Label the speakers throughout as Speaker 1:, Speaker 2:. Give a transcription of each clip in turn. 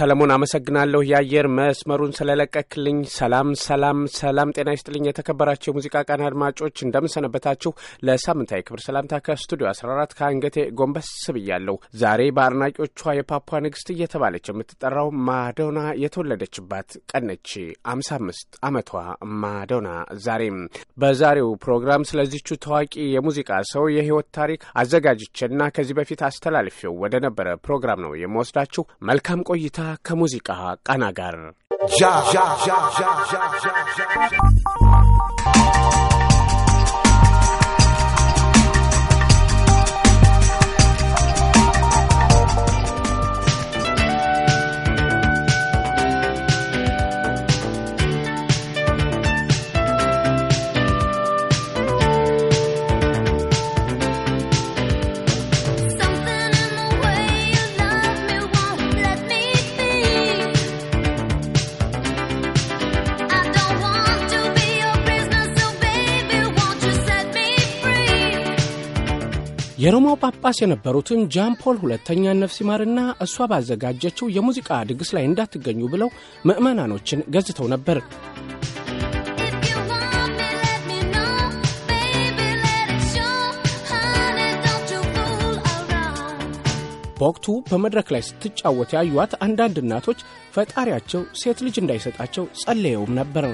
Speaker 1: ሰለሞን አመሰግናለሁ የአየር መስመሩን ስለለቀክልኝ። ሰላም ሰላም ሰላም፣ ጤና ይስጥልኝ። የተከበራቸው የሙዚቃ ቃና አድማጮች እንደምንሰነበታችሁ። ለሳምንታዊ ክብር ሰላምታ ከስቱዲዮ 14 ከአንገቴ ጎንበስ ብያለሁ። ዛሬ በአድናቂዎቿ የፓፓ ንግስት እየተባለች የምትጠራው ማዶና የተወለደችባት ቀን ነች። 55 ዓመቷ ማዶና ዛሬም በዛሬው ፕሮግራም ስለዚቹ ታዋቂ የሙዚቃ ሰው የህይወት ታሪክ አዘጋጅቼና ከዚህ በፊት አስተላልፌው ወደ ነበረ ፕሮግራም ነው የምወስዳችሁ። መልካም ቆይታ ከሙዚቃ ቃና ጋር የሮማው ጳጳስ የነበሩትን ጃን ፖል ሁለተኛን ነፍስ ይማርና እሷ ባዘጋጀችው የሙዚቃ ድግስ ላይ እንዳትገኙ ብለው ምዕመናኖችን ገዝተው ነበር። በወቅቱ በመድረክ ላይ ስትጫወት ያዩዋት አንዳንድ እናቶች ፈጣሪያቸው ሴት ልጅ እንዳይሰጣቸው ጸለየውም ነበር።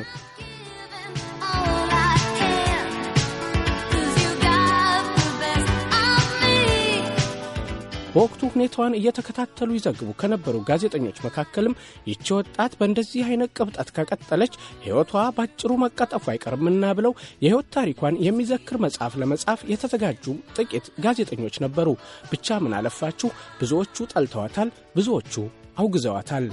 Speaker 1: በወቅቱ ሁኔታዋን እየተከታተሉ ይዘግቡ ከነበሩ ጋዜጠኞች መካከልም ይቺ ወጣት በእንደዚህ አይነት ቅብጠት ከቀጠለች ሕይወቷ ባጭሩ መቀጠፉ አይቀርምና ብለው የሕይወት ታሪኳን የሚዘክር መጽሐፍ ለመጻፍ የተዘጋጁ ጥቂት ጋዜጠኞች ነበሩ። ብቻ ምን አለፋችሁ ብዙዎቹ ጠልተዋታል፣ ብዙዎቹ አውግዘዋታል።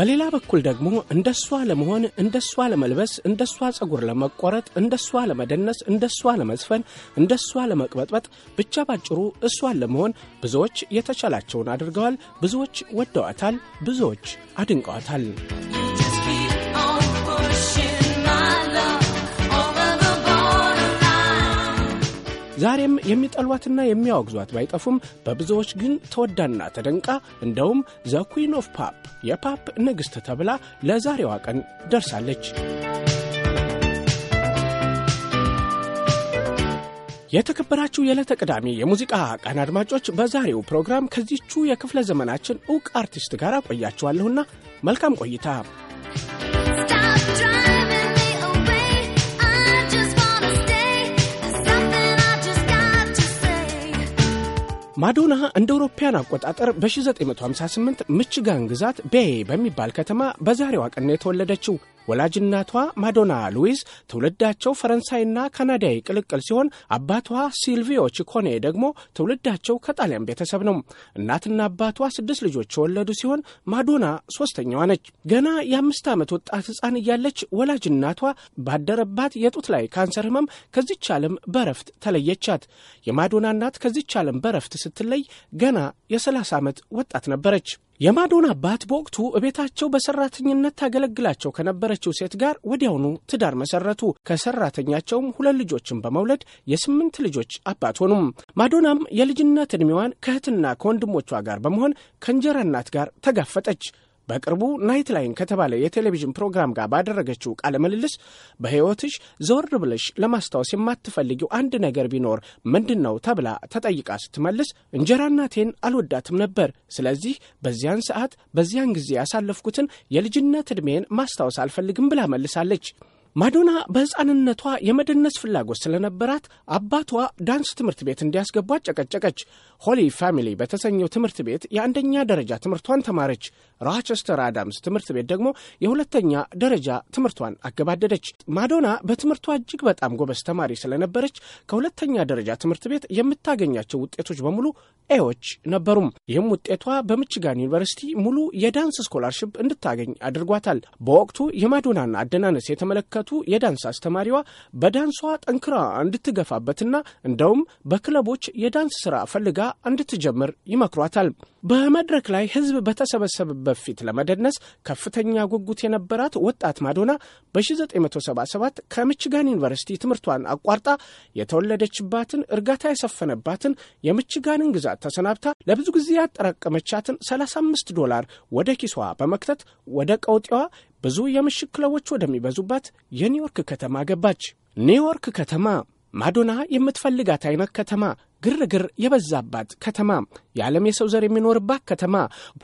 Speaker 1: በሌላ በኩል ደግሞ እንደሷ ለመሆን እንደሷ ለመልበስ እንደሷ ጸጉር ለመቆረጥ እንደሷ ለመደነስ እንደሷ ለመዝፈን እንደሷ ለመቅበጥበጥ ብቻ ባጭሩ እሷን ለመሆን ብዙዎች የተቻላቸውን አድርገዋል፣ ብዙዎች ወደዋታል፣ ብዙዎች አድንቀዋታል። ዛሬም የሚጠሏትና የሚያወግዟት ባይጠፉም በብዙዎች ግን ተወዳና ተደንቃ እንደውም ዘ ኩዊን ኦፍ ፓፕ የፓፕ ንግሥት ተብላ ለዛሬዋ ቀን ደርሳለች። የተከበራችሁ የዕለተ ቅዳሜ የሙዚቃ ቀን አድማጮች፣ በዛሬው ፕሮግራም ከዚቹ የክፍለ ዘመናችን ዕውቅ አርቲስት ጋር ቆያችኋለሁና መልካም ቆይታ። ማዶና እንደ አውሮፓውያን አቆጣጠር በ1958 ምችጋን ግዛት ቤይ በሚባል ከተማ በዛሬዋ ቀን ነው የተወለደችው። ወላጅናቷ ማዶና ሉዊዝ ትውልዳቸው ፈረንሳይና ካናዳዊ ቅልቅል ሲሆን አባቷ ሲልቪዮ ቺኮኔ ደግሞ ትውልዳቸው ከጣሊያን ቤተሰብ ነው። እናትና አባቷ ስድስት ልጆች የወለዱ ሲሆን ማዶና ሶስተኛዋ ነች። ገና የአምስት ዓመት ወጣት ሕፃን እያለች ወላጅናቷ ባደረባት የጡት ላይ ካንሰር ህመም ከዚች ዓለም በረፍት ተለየቻት። የማዶና እናት ከዚች ዓለም በረፍት ስትለይ ገና የሰላሳ ዓመት ወጣት ነበረች። የማዶና አባት በወቅቱ እቤታቸው በሰራተኝነት ታገለግላቸው ከነበረችው ሴት ጋር ወዲያውኑ ትዳር መሰረቱ። ከሰራተኛቸውም ሁለት ልጆችን በመውለድ የስምንት ልጆች አባት ሆኑም። ማዶናም የልጅነት ዕድሜዋን ከእህትና ከወንድሞቿ ጋር በመሆን ከእንጀራ እናት ጋር ተጋፈጠች። በቅርቡ ናይት ላይን ከተባለ የቴሌቪዥን ፕሮግራም ጋር ባደረገችው ቃለ ምልልስ በሕይወትሽ ዘወር ብለሽ ለማስታወስ የማትፈልጊው አንድ ነገር ቢኖር ምንድን ነው ተብላ ተጠይቃ ስትመልስ እንጀራ እናቴን አልወዳትም ነበር። ስለዚህ በዚያን ሰዓት በዚያን ጊዜ ያሳለፍኩትን የልጅነት ዕድሜን ማስታወስ አልፈልግም ብላ መልሳለች። ማዶና በሕፃንነቷ የመደነስ ፍላጎት ስለነበራት አባቷ ዳንስ ትምህርት ቤት እንዲያስገቧት ጨቀጨቀች። ሆሊ ፋሚሊ በተሰኘው ትምህርት ቤት የአንደኛ ደረጃ ትምህርቷን ተማረች። ሮቸስተር አዳምስ ትምህርት ቤት ደግሞ የሁለተኛ ደረጃ ትምህርቷን አገባደደች። ማዶና በትምህርቷ እጅግ በጣም ጎበዝ ተማሪ ስለነበረች ከሁለተኛ ደረጃ ትምህርት ቤት የምታገኛቸው ውጤቶች በሙሉ ኤዎች ነበሩም። ይህም ውጤቷ በምችጋን ዩኒቨርሲቲ ሙሉ የዳንስ ስኮላርሽፕ እንድታገኝ አድርጓታል። በወቅቱ የማዶናን አደናነስ የተመለከ በረከቱ የዳንስ አስተማሪዋ በዳንሷ ጠንክራ እንድትገፋበትና እንደውም በክለቦች የዳንስ ስራ ፈልጋ እንድትጀምር ይመክሯታል። በመድረክ ላይ ህዝብ በተሰበሰበበት ፊት ለመደነስ ከፍተኛ ጉጉት የነበራት ወጣት ማዶና በ1977 ከምችጋን ዩኒቨርሲቲ ትምህርቷን አቋርጣ የተወለደችባትን እርጋታ የሰፈነባትን የምችጋንን ግዛት ተሰናብታ ለብዙ ጊዜ ያጠራቀመቻትን 35 ዶላር ወደ ኪሷ በመክተት ወደ ቀውጤዋ ብዙ የምሽት ክለቦች ወደሚበዙባት የኒውዮርክ ከተማ ገባች። ኒውዮርክ ከተማ ማዶና የምትፈልጋት አይነት ከተማ፣ ግርግር የበዛባት ከተማ፣ የዓለም የሰው ዘር የሚኖርባት ከተማ፣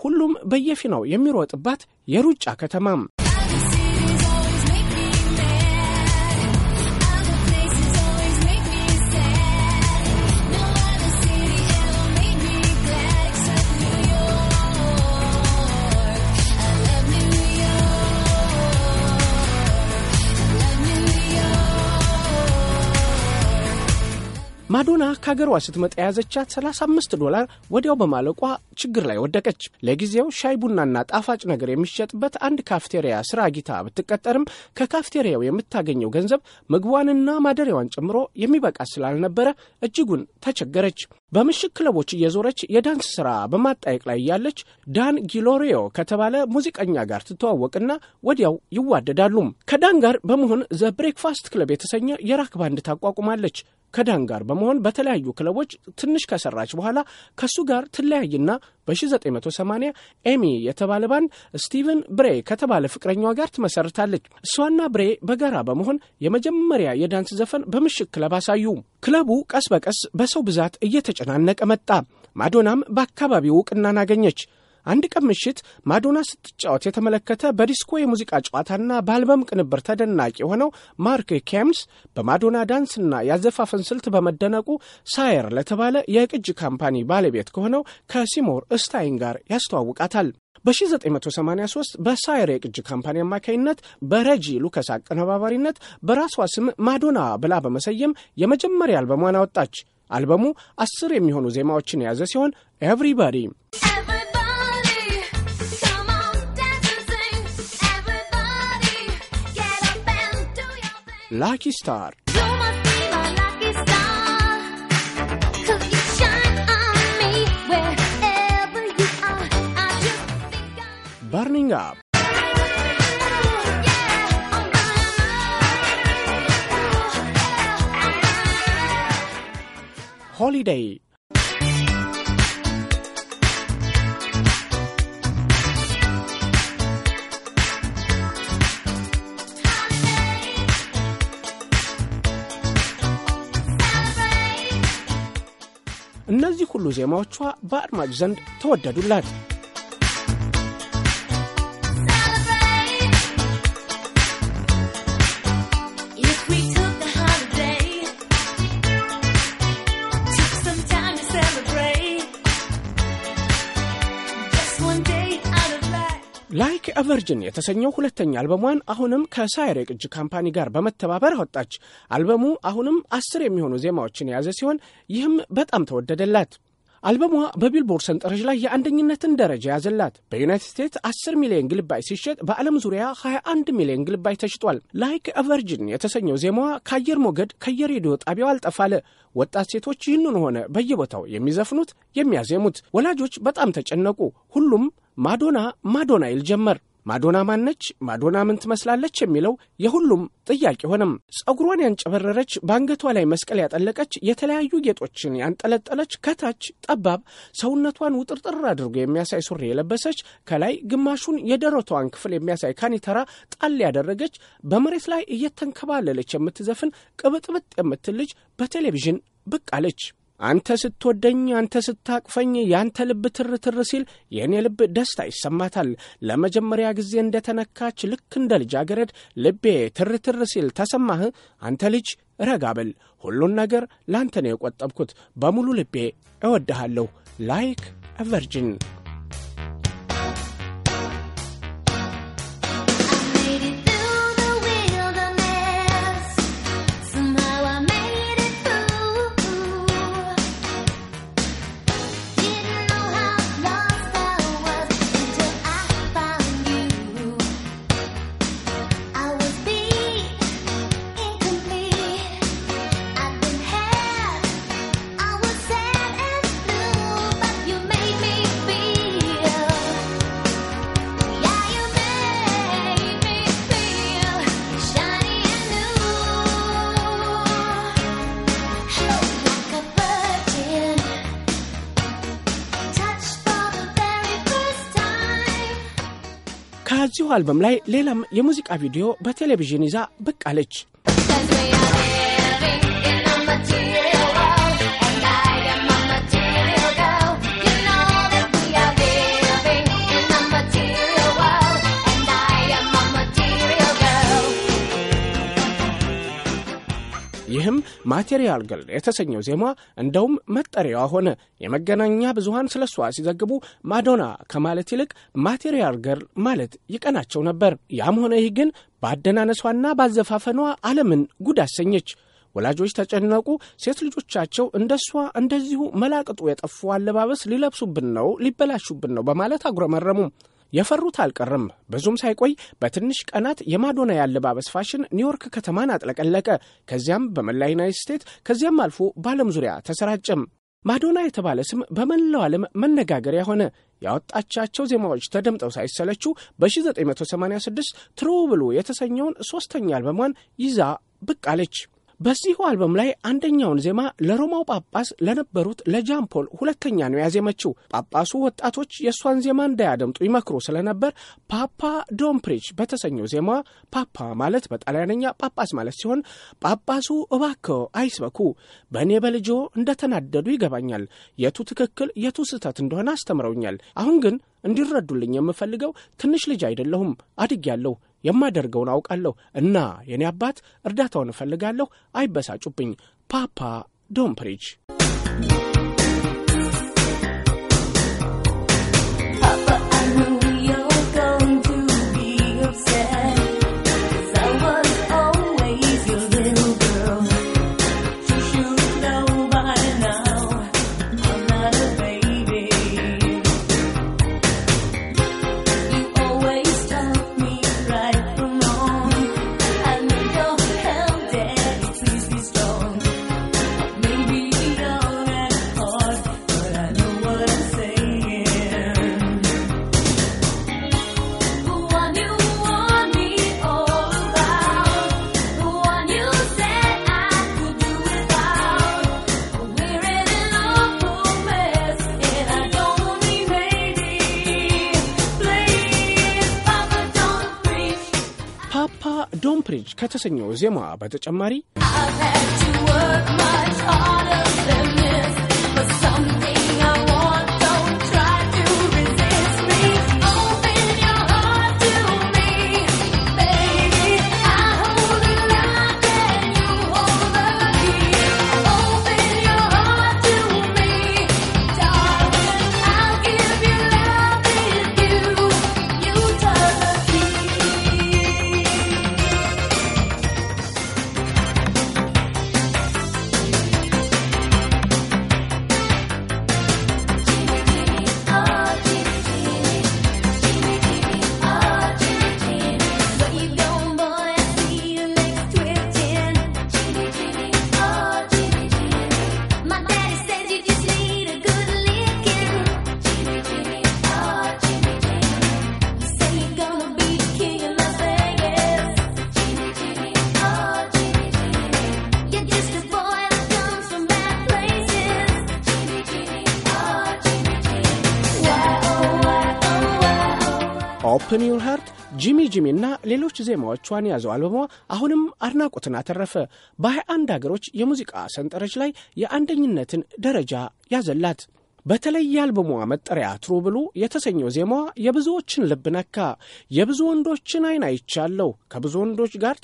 Speaker 1: ሁሉም በየፊናው የሚሮጥባት የሩጫ ከተማ ማዶና ከሀገሯ ስትመጣ የያዘቻት 35 ዶላር ወዲያው በማለቋ ችግር ላይ ወደቀች። ለጊዜው ሻይ ቡናና ጣፋጭ ነገር የሚሸጥበት አንድ ካፍቴሪያ ስራ ጊታ ብትቀጠርም ከካፍቴሪያው የምታገኘው ገንዘብ ምግቧንና ማደሪያዋን ጨምሮ የሚበቃ ስላልነበረ እጅጉን ተቸገረች። በምሽት ክለቦች እየዞረች የዳንስ ሥራ በማጣየቅ ላይ እያለች ዳን ጊሎሪዮ ከተባለ ሙዚቀኛ ጋር ትተዋወቅና ወዲያው ይዋደዳሉ። ከዳን ጋር በመሆን ዘ ብሬክፋስት ክለብ የተሰኘ የራክ ባንድ ታቋቁማለች። ከዳን ጋር በመሆን በተለያዩ ክለቦች ትንሽ ከሰራች በኋላ ከሱ ጋር ትለያይና በ1980 ኤሚ የተባለ ባንድ ስቲቨን ብሬ ከተባለ ፍቅረኛዋ ጋር ትመሰርታለች። እሷና ብሬ በጋራ በመሆን የመጀመሪያ የዳንስ ዘፈን በምሽት ክለብ አሳዩ። ክለቡ ቀስ በቀስ በሰው ብዛት እየተጨናነቀ መጣ። ማዶናም በአካባቢው እውቅናን አገኘች። አንድ ቀን ምሽት ማዶና ስትጫወት የተመለከተ በዲስኮ የሙዚቃ ጨዋታና በአልበም ቅንብር ተደናቂ የሆነው ማርክ ኬምስ በማዶና ዳንስና ያዘፋፈን ስልት በመደነቁ ሳየር ለተባለ የቅጅ ካምፓኒ ባለቤት ከሆነው ከሲሞር እስታይን ጋር ያስተዋውቃታል። በ1983 በሳይር የቅጅ ካምፓኒ አማካኝነት በረጂ ሉከስ አቀነባባሪነት በራሷ ስም ማዶና ብላ በመሰየም የመጀመሪያ አልበሟን አወጣች። አልበሙ አስር የሚሆኑ ዜማዎችን የያዘ ሲሆን ኤቭሪባዲ ላኪ ስታር Burning Up. ሆሊዴይ እነዚህ ሁሉ ዜማዎቿ በአድማጭ ዘንድ ተወደዱላት። ቨርጅን የተሰኘው ሁለተኛ አልበሟን አሁንም ከሳይር የቅጅ ካምፓኒ ጋር በመተባበር አወጣች አልበሙ አሁንም አስር የሚሆኑ ዜማዎችን የያዘ ሲሆን ይህም በጣም ተወደደላት። አልበሟ በቢልቦርድ ሰንጠረዥ ላይ የአንደኝነትን ደረጃ ያዘላት። በዩናይትድ ስቴትስ 10 ሚሊዮን ግልባይ ሲሸጥ በዓለም ዙሪያ 21 ሚሊዮን ግልባይ ተሽጧል። ላይክ ቨርጅን የተሰኘው ዜማዋ ከአየር ሞገድ ከየሬዲዮ ጣቢያው አልጠፋለ። ወጣት ሴቶች ይህንን ሆነ በየቦታው የሚዘፍኑት የሚያዜሙት። ወላጆች በጣም ተጨነቁ። ሁሉም ማዶና ማዶና ይል ጀመር። ማዶና ማነች? ማዶና ምን ትመስላለች? የሚለው የሁሉም ጥያቄ ሆነም። ጸጉሯን ያንጨበረረች፣ በአንገቷ ላይ መስቀል ያጠለቀች፣ የተለያዩ ጌጦችን ያንጠለጠለች፣ ከታች ጠባብ ሰውነቷን ውጥርጥር አድርጎ የሚያሳይ ሱሪ የለበሰች፣ ከላይ ግማሹን የደረቷን ክፍል የሚያሳይ ካኒተራ ጣል ያደረገች፣ በመሬት ላይ እየተንከባለለች የምትዘፍን ቅብጥብጥ የምትል ልጅ በቴሌቪዥን ብቅ አለች። አንተ ስትወደኝ፣ አንተ ስታቅፈኝ፣ ያንተ ልብ ትርትር ሲል የእኔ ልብ ደስታ ይሰማታል። ለመጀመሪያ ጊዜ እንደ ተነካች ልክ እንደ ልጃገረድ ልቤ ትርትር ሲል ተሰማህ? አንተ ልጅ ረጋ በል። ሁሉን ነገር ላንተ ነው የቆጠብኩት። በሙሉ ልቤ እወድሃለሁ። ላይክ ቨርጅን አልበም ላይ ሌላም የሙዚቃ ቪዲዮ በቴሌቪዥን ይዛ ብቅ አለች። ማቴሪያል ግል የተሰኘው ዜማ እንደውም መጠሪያዋ ሆነ። የመገናኛ ብዙሃን ስለ እሷ ሲዘግቡ ማዶና ከማለት ይልቅ ማቴሪያል ገርል ማለት ይቀናቸው ነበር። ያም ሆነ ይህ ግን በአደናነሷና ባዘፋፈኗ ዓለምን ጉድ አሰኘች። ወላጆች ተጨነቁ። ሴት ልጆቻቸው እንደሷ እንደዚሁ መላቅጡ የጠፉ አለባበስ ሊለብሱብን ነው፣ ሊበላሹብን ነው በማለት አጉረመረሙ። የፈሩት አልቀርም። ብዙም ሳይቆይ በትንሽ ቀናት የማዶና ያለባበስ ፋሽን ኒውዮርክ ከተማን አጥለቀለቀ። ከዚያም በመላ ዩናይት ስቴት ከዚያም አልፎ በዓለም ዙሪያ ተሰራጨም። ማዶና የተባለ ስም በመላው ዓለም መነጋገሪያ ሆነ። ያወጣቻቸው ዜማዎች ተደምጠው ሳይሰለችው በ1986 ትሩ ብሎ የተሰኘውን ሦስተኛ አልበሟን ይዛ ብቅ አለች። በዚሁ አልበም ላይ አንደኛውን ዜማ ለሮማው ጳጳስ ለነበሩት ለጃን ፖል ሁለተኛ ነው ያዜመችው። ጳጳሱ ወጣቶች የእሷን ዜማ እንዳያደምጡ ይመክሩ ስለነበር ፓፓ ዶምፕሪች በተሰኘው ዜማ ፓፓ ማለት በጣሊያንኛ ጳጳስ ማለት ሲሆን ጳጳሱ እባክዎ አይስበኩ፣ በእኔ በልጆ እንደተናደዱ ይገባኛል። የቱ ትክክል የቱ ስህተት እንደሆነ አስተምረውኛል። አሁን ግን እንዲረዱልኝ የምፈልገው ትንሽ ልጅ አይደለሁም፣ አድጌያለሁ የማደርገውን አውቃለሁ እና የኔ አባት እርዳታውን እፈልጋለሁ። አይበሳጩብኝ ፓፓ ዶምፕሪች ዜማዋ በተጨማሪ ኦፕን ዩር ሃርት፣ ጂሚ ጂሚ እና ሌሎች ዜማዎቿን ያዘው አልበሟ አሁንም አድናቆትን አተረፈ። በ21 ሀገሮች የሙዚቃ ሰንጠረዥ ላይ የአንደኝነትን ደረጃ ያዘላት። በተለይ የአልበሟ መጠሪያ ትሩ ብሉ የተሰኘው ዜማዋ የብዙዎችን ልብ ነካ። የብዙ ወንዶችን አይን አይቻለሁ፣ ከብዙ ወንዶች ጋር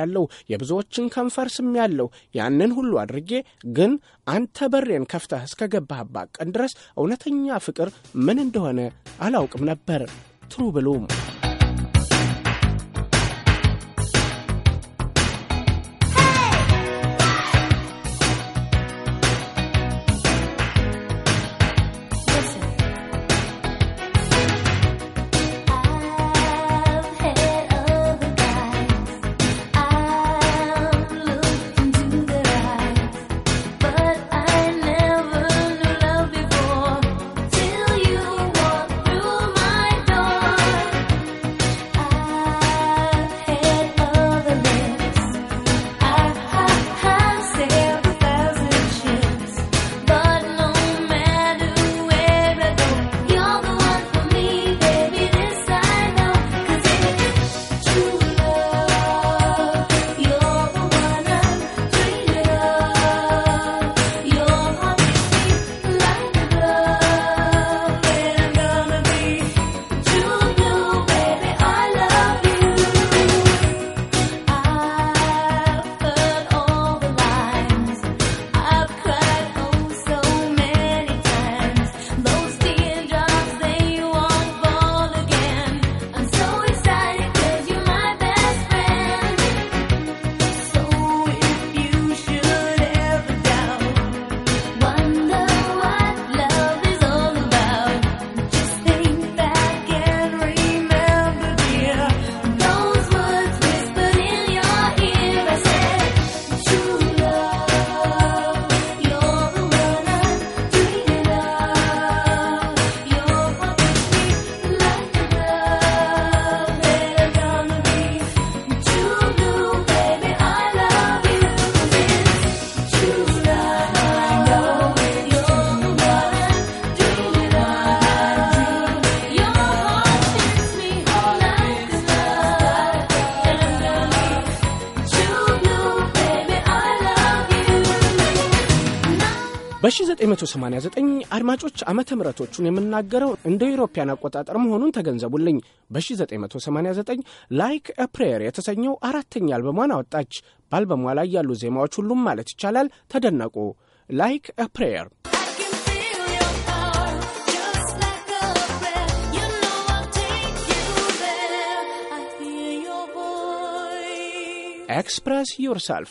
Speaker 1: ያለሁ፣ የብዙዎችን ከንፈር ያለው ያንን ሁሉ አድርጌ ግን አንተ በሬን ከፍተህ እስከ ቀን ድረስ እውነተኛ ፍቅር ምን እንደሆነ አላውቅም ነበር። ትሩ ብሉ 989 አድማጮች ዓመተ ምረቶቹን የምናገረው እንደ ኢሮፓያን አቆጣጠር መሆኑን ተገንዘቡልኝ። በ989 ላይክ ፕሬየር የተሰኘው አራተኛ አልበሟን አወጣች። በአልበሟ ላይ ያሉ ዜማዎች ሁሉም ማለት ይቻላል ተደነቁ። ላይክ አ ፕሬየር ኤክስፕረስ ዩርሰልፍ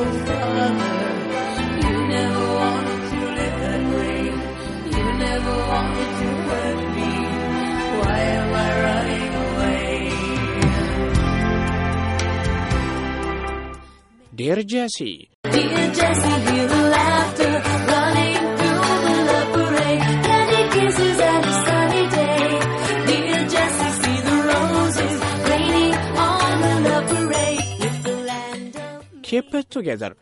Speaker 1: Dear Jesse.
Speaker 2: Dear Jesse, hear the laughter running through the love parade. Candy kisses and a sunny day. Dear Jesse, see the roses raining on
Speaker 1: the love parade. the land of... Keep it together.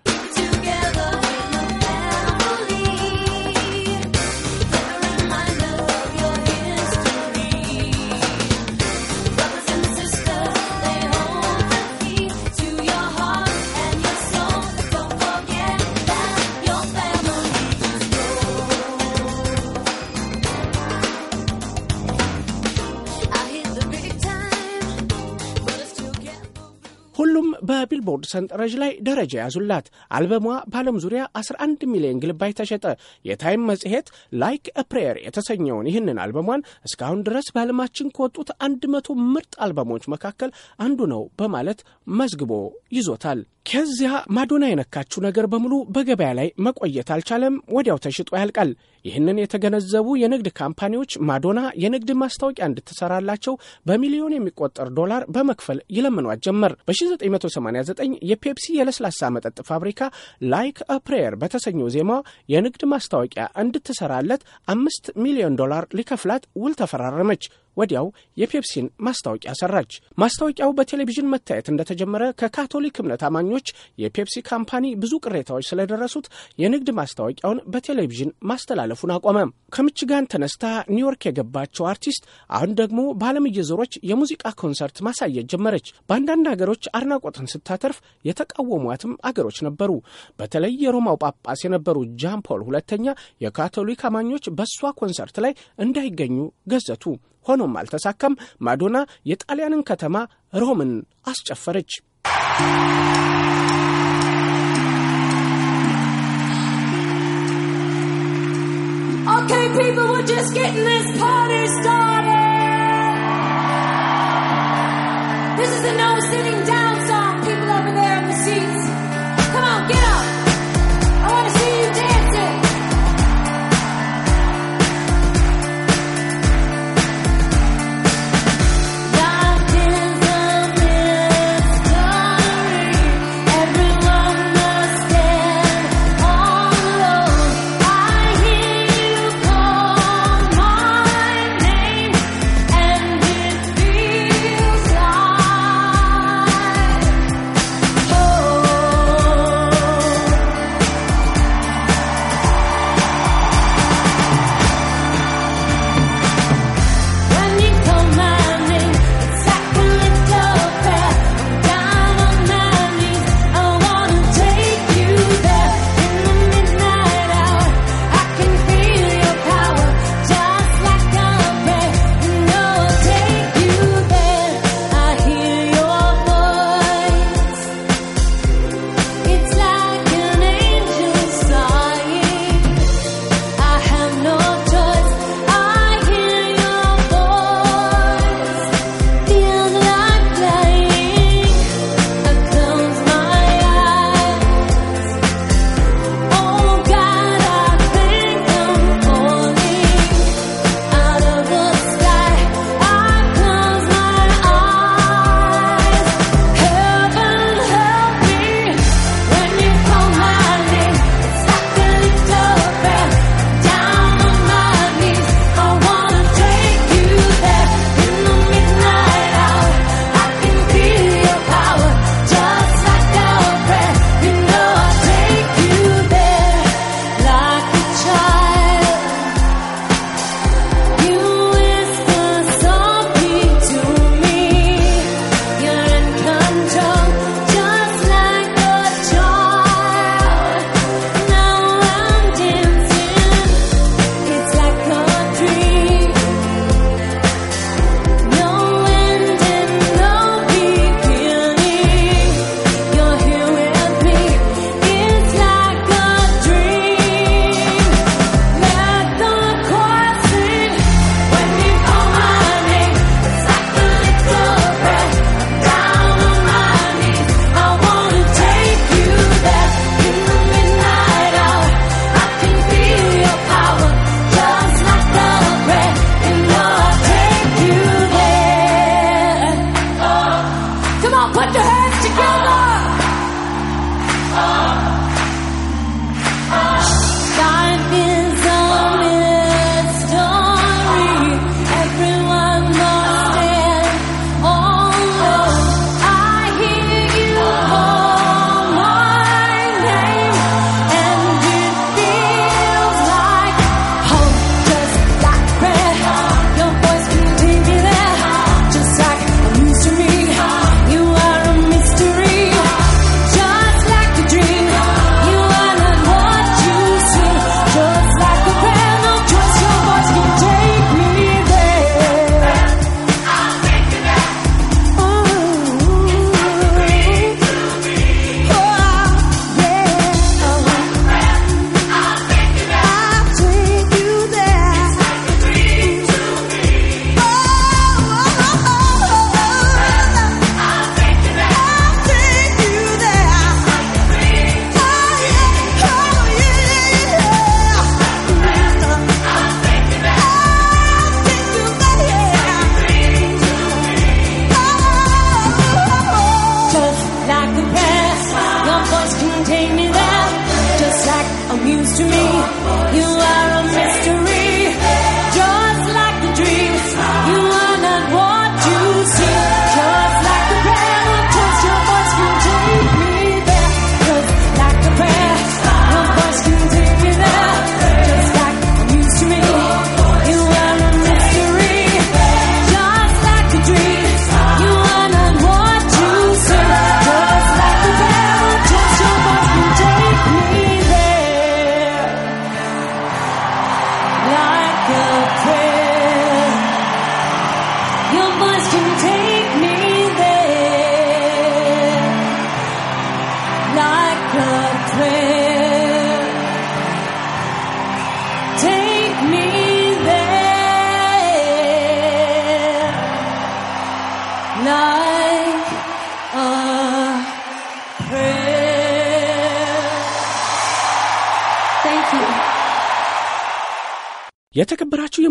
Speaker 1: በቢልቦርድ ሰንጠረዥ ላይ ደረጃ ያዙላት። አልበሟ በዓለም ዙሪያ 11 ሚሊዮን ግልባይ ተሸጠ። የታይም መጽሔት ላይክ ፕሬየር የተሰኘውን ይህንን አልበሟን እስካሁን ድረስ በዓለማችን ከወጡት 100 ምርጥ አልበሞች መካከል አንዱ ነው በማለት መዝግቦ ይዞታል። ከዚያ ማዶና የነካችው ነገር በሙሉ በገበያ ላይ መቆየት አልቻለም። ወዲያው ተሽጦ ያልቃል። ይህንን የተገነዘቡ የንግድ ካምፓኒዎች ማዶና የንግድ ማስታወቂያ እንድትሰራላቸው በሚሊዮን የሚቆጠር ዶላር በመክፈል ይለምኗት ጀመር። በ1989 የፔፕሲ የለስላሳ መጠጥ ፋብሪካ ላይክ አ ፕሬየር በተሰኘው ዜማ የንግድ ማስታወቂያ እንድትሰራለት አምስት ሚሊዮን ዶላር ሊከፍላት ውል ተፈራረመች። ወዲያው የፔፕሲን ማስታወቂያ ሰራች። ማስታወቂያው በቴሌቪዥን መታየት እንደተጀመረ ከካቶሊክ እምነት አማኞች የፔፕሲ ካምፓኒ ብዙ ቅሬታዎች ስለደረሱት የንግድ ማስታወቂያውን በቴሌቪዥን ማስተላለፍ ማለፉን አቆመ። ከምችጋን ተነስታ ኒውዮርክ የገባቸው አርቲስት አሁን ደግሞ በዓለም እየዞረች የሙዚቃ ኮንሰርት ማሳየት ጀመረች። በአንዳንድ አገሮች አድናቆትን ስታተርፍ የተቃወሟትም አገሮች ነበሩ። በተለይ የሮማው ጳጳስ የነበሩ ጃን ፖል ሁለተኛ የካቶሊክ አማኞች በእሷ ኮንሰርት ላይ እንዳይገኙ ገዘቱ። ሆኖም አልተሳካም። ማዶና የጣሊያንን ከተማ ሮምን አስጨፈረች። Okay, people, we're just getting this
Speaker 2: party started.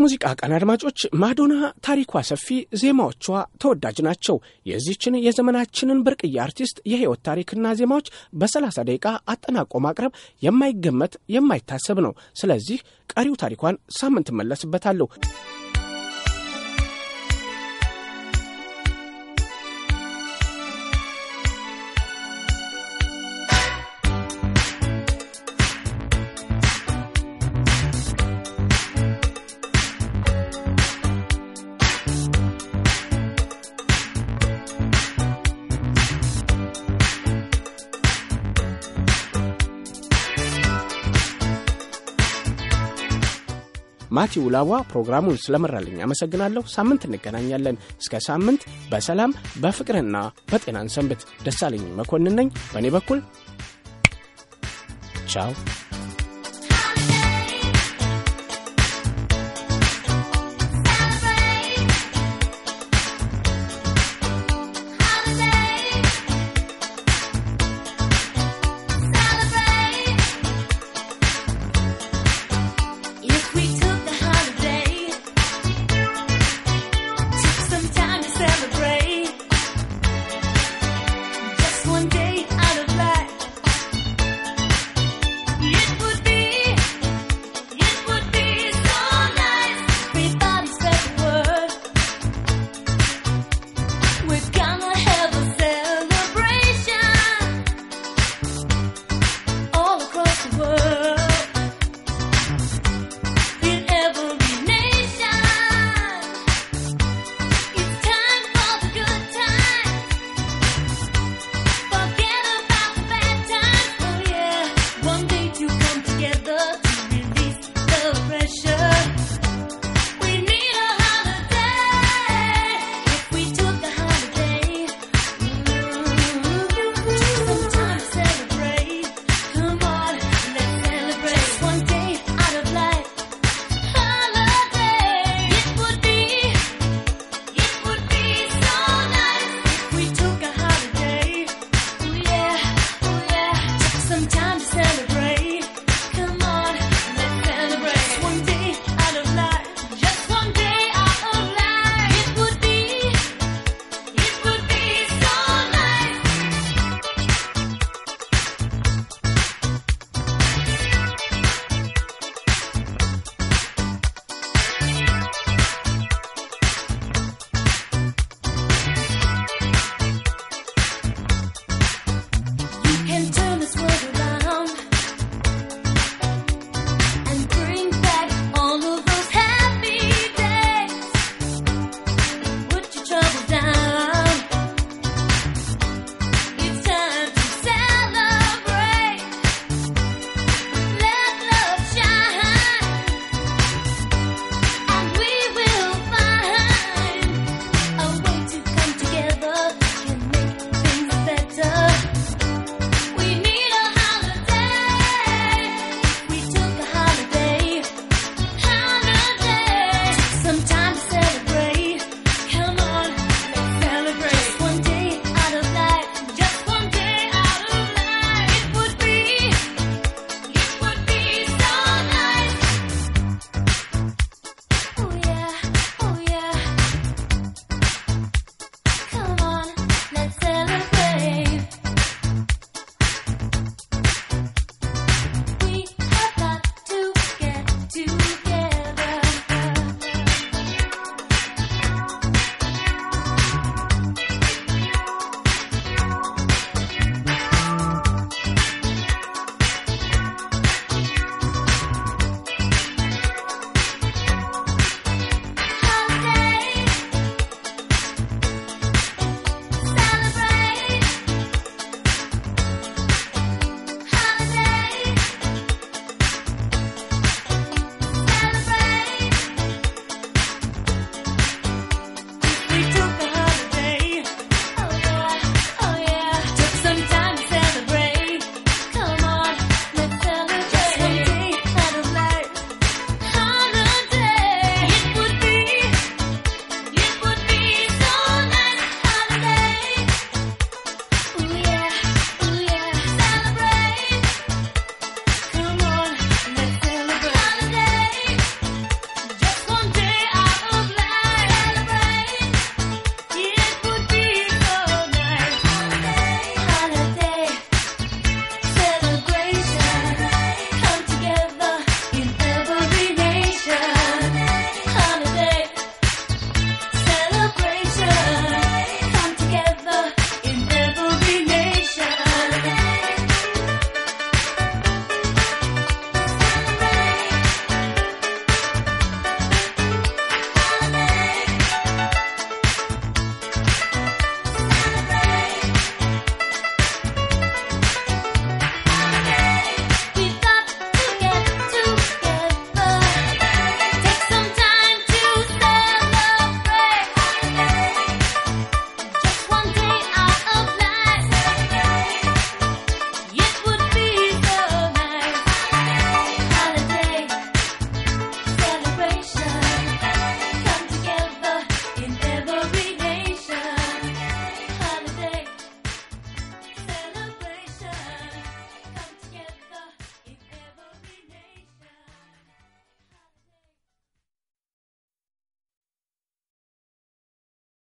Speaker 1: የሙዚቃ ቀን አድማጮች፣ ማዶና ታሪኳ ሰፊ፣ ዜማዎቿ ተወዳጅ ናቸው። የዚችን የዘመናችንን ብርቅዬ አርቲስት የህይወት ታሪክና ዜማዎች በ30 ደቂቃ አጠናቆ ማቅረብ የማይገመት የማይታሰብ ነው። ስለዚህ ቀሪው ታሪኳን ሳምንት መለስበታለሁ። ማቲው ላቧ ፕሮግራሙን ስለመራልኝ አመሰግናለሁ። ሳምንት እንገናኛለን። እስከ ሳምንት በሰላም በፍቅርና በጤናን ሰንብት። ደሳለኝ መኮንን ነኝ። በእኔ በኩል ቻው።